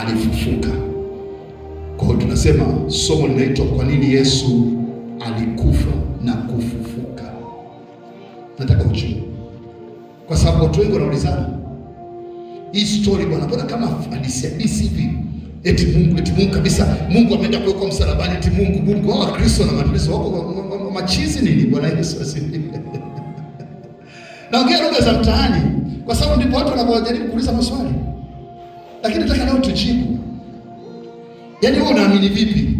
alifufuka. Kwa hiyo tunasema somo linaitwa kwa nini Yesu alikufa na kufufuka. Nataka ujue, kwa sababu watu wengi wanaulizana hii story, bwana, mbona kama hadithi hadithi hivi Eti Mungu eti Mungu kabisa, Mungu ameenda kuwekwa msalabani, eti Mungu Mungu. wa ah, Kristo na Matulizo wako machizi nini? Bwana Yesu asifiwe. Naongea lugha za mtaani, kwa sababu ndipo watu wanapojaribu kuuliza maswali. Lakini nataka leo tujibu, yaani wewe unaamini vipi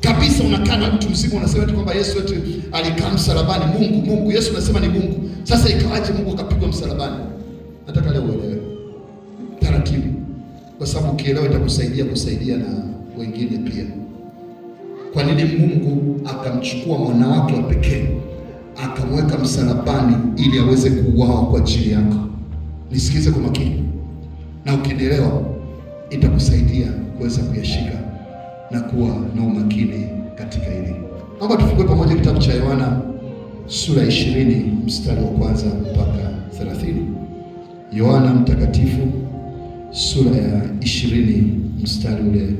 kabisa? Unakaa na mtu mzima unasema tu kwamba Yesu wetu alikaa msalabani, Mungu Mungu, Yesu unasema ni Mungu. Sasa ikawaje Mungu akapigwa msalabani? Nataka leo uelewe taratibu, kwa sababu ukielewa itakusaidia kusaidia na wengine pia. Kwa nini Mungu akamchukua mwana wake wa pekee akamweka msalabani ili aweze kuuawa kwa ajili yako? Nisikize kwa makini na ukielewa itakusaidia kuweza kuyashika na kuwa na umakini katika hili. Naomba tufungue pamoja kitabu cha Yohana sura ishirini mstari wa kwanza mpaka thelathini. Yohana mtakatifu sura ya ishirini mstari ule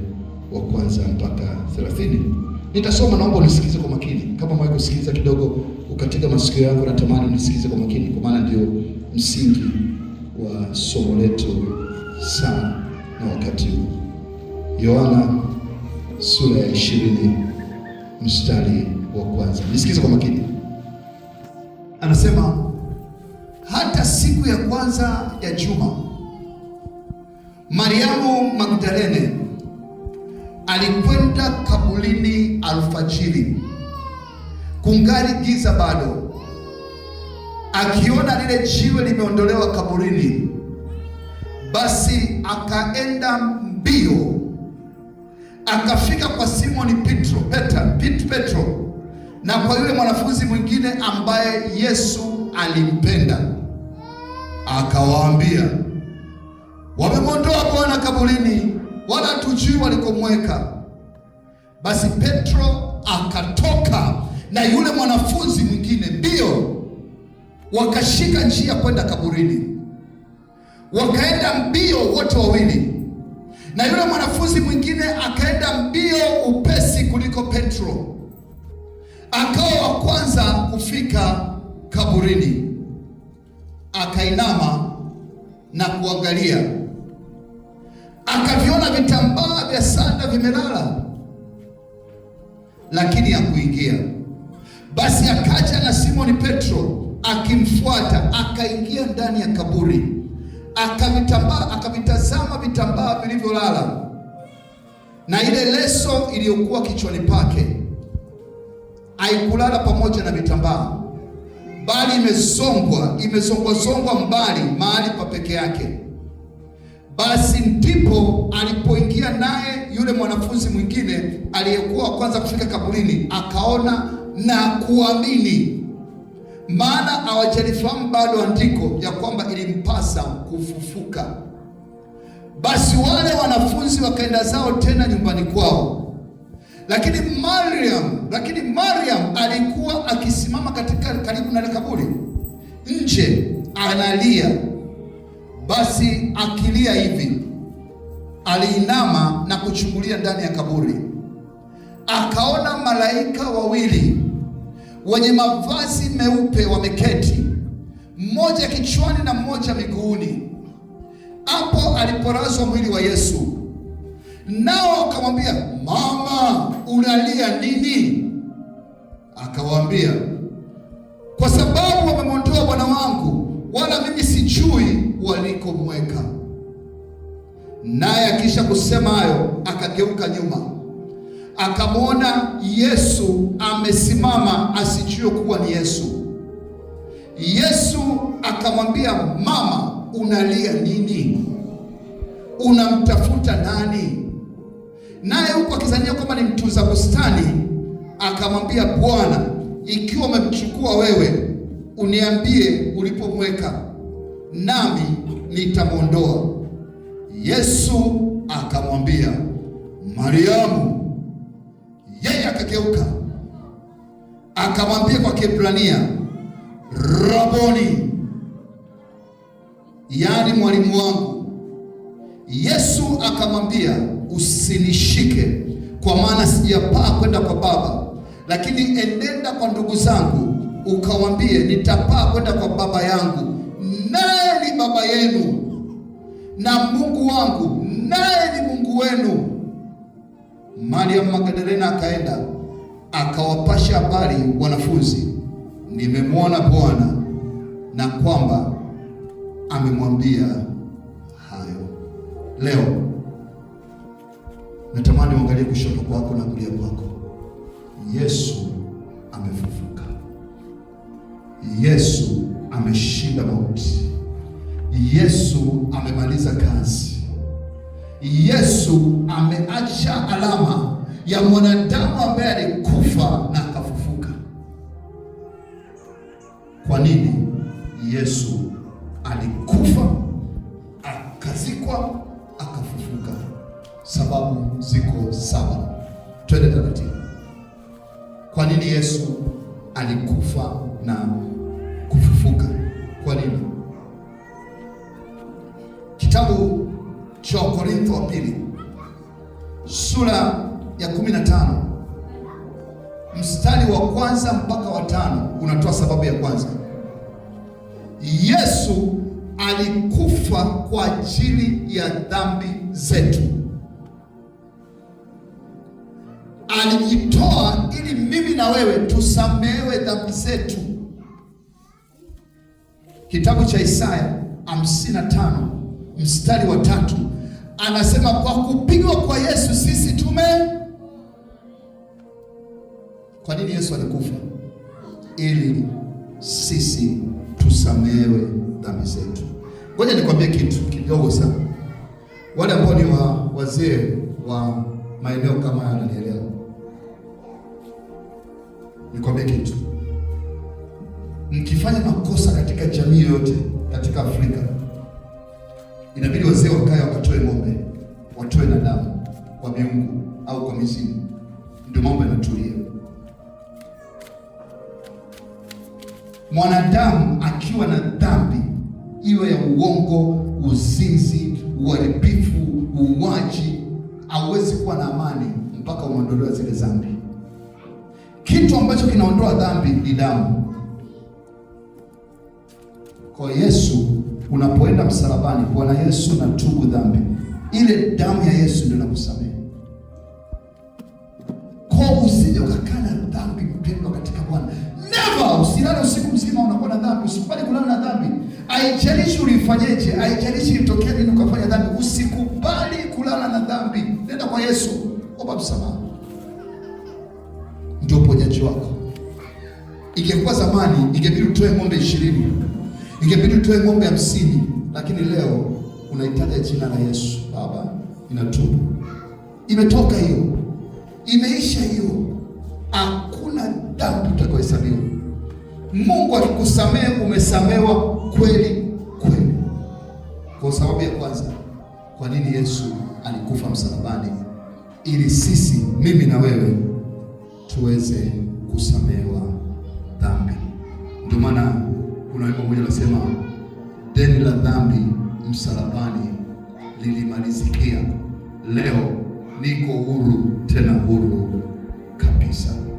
wa kwanza mpaka thelathini. Nitasoma, naomba unisikize kwa makini. Kama mwae kusikiliza kidogo, ukatika masikio yako, natamani unisikize kwa makini, kwa maana ndio msingi wa somo letu sana na wakati huu. Yohana sura ya ishirini mstari wa kwanza. Nisikize kwa makini, anasema hata siku ya kwanza ya juma Mariamu Magdalene alikwenda kabulini alfajiri, kungali giza bado, akiona lile jiwe limeondolewa kaburini basi akaenda mbio akafika kwa Simoni Petro, Petro, Petro na kwa yule mwanafunzi mwingine ambaye Yesu alimpenda, akawaambia, wamemwondoa Bwana kaburini, wala tujui walikomweka. Basi Petro akatoka na yule mwanafunzi mwingine mbio, wakashika njia kwenda kaburini wakaenda mbio wote wawili, na yule mwanafunzi mwingine akaenda mbio upesi kuliko Petro, akawa wa kwanza kufika kaburini. Akainama na kuangalia, akaviona vitambaa vya sanda vimelala, lakini hakuingia. Basi akaja na Simoni Petro akimfuata, akaingia ndani ya kaburi akavitambaa akavitazama vitambaa vilivyolala na ile leso iliyokuwa kichwani pake haikulala pamoja na vitambaa, bali imezongwa imesongwa mbali mahali pa peke yake. Basi ndipo alipoingia naye yule mwanafunzi mwingine aliyekuwa kwanza kufika kaburini, akaona na kuamini maana hawajalifahamu bado andiko ya kwamba ilimpasa kufufuka. Basi wale wanafunzi wakaenda zao tena nyumbani kwao, lakini Mariam, lakini Mariam alikuwa akisimama katika karibu na kaburi nje, analia. Basi akilia hivi, aliinama na kuchungulia ndani ya kaburi, akaona malaika wawili wenye mavazi meupe wameketi, mmoja kichwani na mmoja miguuni, hapo aliporazwa mwili wa Yesu. Nao akamwambia, mama, unalia nini? Akawaambia, kwa sababu wamemwondoa Bwana wangu, wala mimi sijui walikomweka. Naye akisha kusema hayo, akageuka nyuma akamwona Yesu amesimama asijue kuwa ni Yesu. Yesu akamwambia, mama, unalia nini? Unamtafuta nani? Naye huko akizania kwamba ni mtunza bustani, akamwambia, Bwana, ikiwa umemchukua wewe, uniambie ulipomweka, nami nitamwondoa. Yesu akamwambia, Mariamu akageuka akamwambia kwa Kiebrania, Raboni, yaani mwalimu wangu. Yesu akamwambia, usinishike, kwa maana sijapaa kwenda kwa Baba, lakini enenda kwa ndugu zangu ukawambie, nitapaa kwenda kwa Baba yangu naye ni Baba yenu na Mungu wangu naye ni Mungu wenu. Mariamu Magdalena akaenda akawapasha habari wanafunzi, nimemwona Bwana na kwamba amemwambia hayo. Leo natamani uangalie kushoto kwako na kulia kwako. Yesu amefufuka. Yesu ameshinda mauti. Yesu amemaliza kazi. Yesu ameacha alama ya mwanadamu ambaye akafa na akafufuka. Kwa nini? Yesu alikufa akazikwa akafufuka. Sababu ziko saba. Twende taratibu. Kwa nini Yesu alikufa na kufufuka? Kwa nini? Kitabu cha Korintho wa pili sura ya 15 mstari wa kwanza mpaka wa tano unatoa sababu ya kwanza. Yesu alikufa kwa ajili ya dhambi zetu, alijitoa ili mimi na wewe tusamewe dhambi zetu. Kitabu cha Isaya 55 mstari wa tatu anasema, kwa kupigwa kwa Yesu sisi tume kwa nini Yesu alikufa? Ili sisi tusamehewe dhambi zetu. Ngoja nikwambie kitu kidogo sana, wale ambao ni wa wazee wa maeneo kama haya wananielewa. Nikwambie kitu, mkifanya makosa katika jamii yoyote katika Afrika, inabidi wazee wakae wakatoe ng'ombe, watoe na damu kwa miungu au kwa mizimu, ndio mambo yanatulia. mwanadamu akiwa na dhambi, iwe ya uongo, uzinzi, uharibifu, uuaji, hauwezi kuwa na amani mpaka umeondolewa zile dhambi. Kitu ambacho kinaondoa dhambi ni damu. Kwa Yesu, unapoenda msalabani, Bwana Yesu, natubu dhambi, ile damu ya Yesu ndio inakusamehe. Kwa usije ukakaa usikubali kulala na dhambi. Haijalishi ulifanyeje, haijalishi ilitokea nini ukafanya dhambi, usikubali kulala na dhambi. Nenda kwa Yesu, omba msamaha, ndio uponyaji wako. Ingekuwa zamani, ingebidi utoe ng'ombe ishirini, ingebidi utoe ng'ombe hamsini, lakini leo unaitaja jina la Yesu. Baba, inatubu, imetoka hiyo, imeisha hiyo, hakuna dhambi utakayohesabiwa. Mungu akikusamehe umesamewa kweli kweli. Kwa sababu ya kwanza, kwa nini Yesu alikufa msalabani? Ili sisi, mimi na wewe, tuweze kusamewa dhambi. Ndio maana kuna wimbo mmoja unasema, deni la dhambi msalabani lilimalizikia, leo niko huru, tena huru